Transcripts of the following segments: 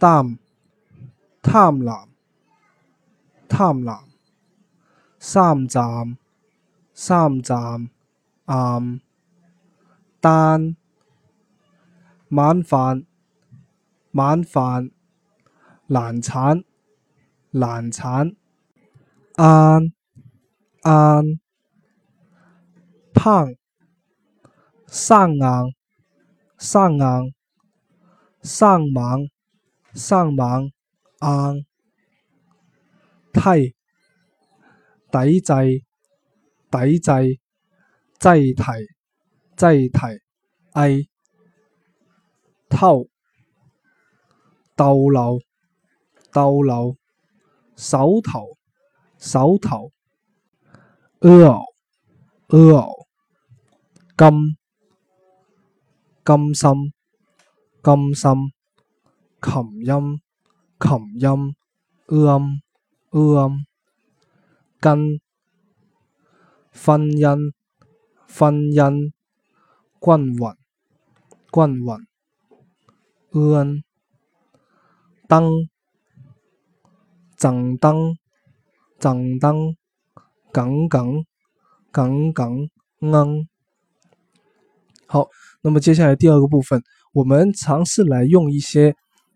擔、貪婪、貪婪、三站、三站、暗、單、晚飯、晚飯、難產、難產、晏、晏、烹、生硬、生硬、生猛生猛硬梯抵制抵制擠堤擠堤哎偷逗留逗留手頭手頭驕傲驕傲今甘心甘心。琴音，琴音呃，音呃，音，跟，婚姻，婚姻，均勻，均勻當當燈，當，燈，贈燈，耿耿，耿耿，嗯。好，那麼接下來第二個部分，我們嘗試來用一些。.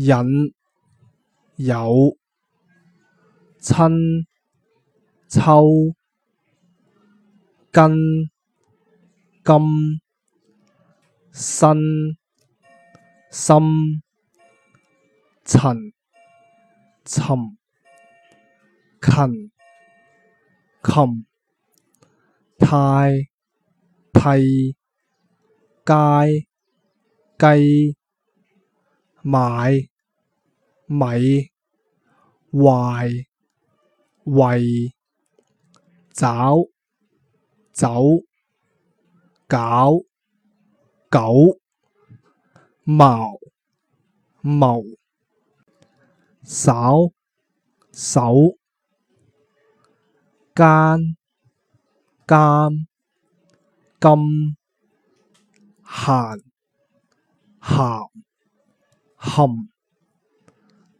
引友親秋根金身心陳尋勤琴，琴泰替街雞買。米壞圍爪走搞狗毛、毛手手間間金閒咸含。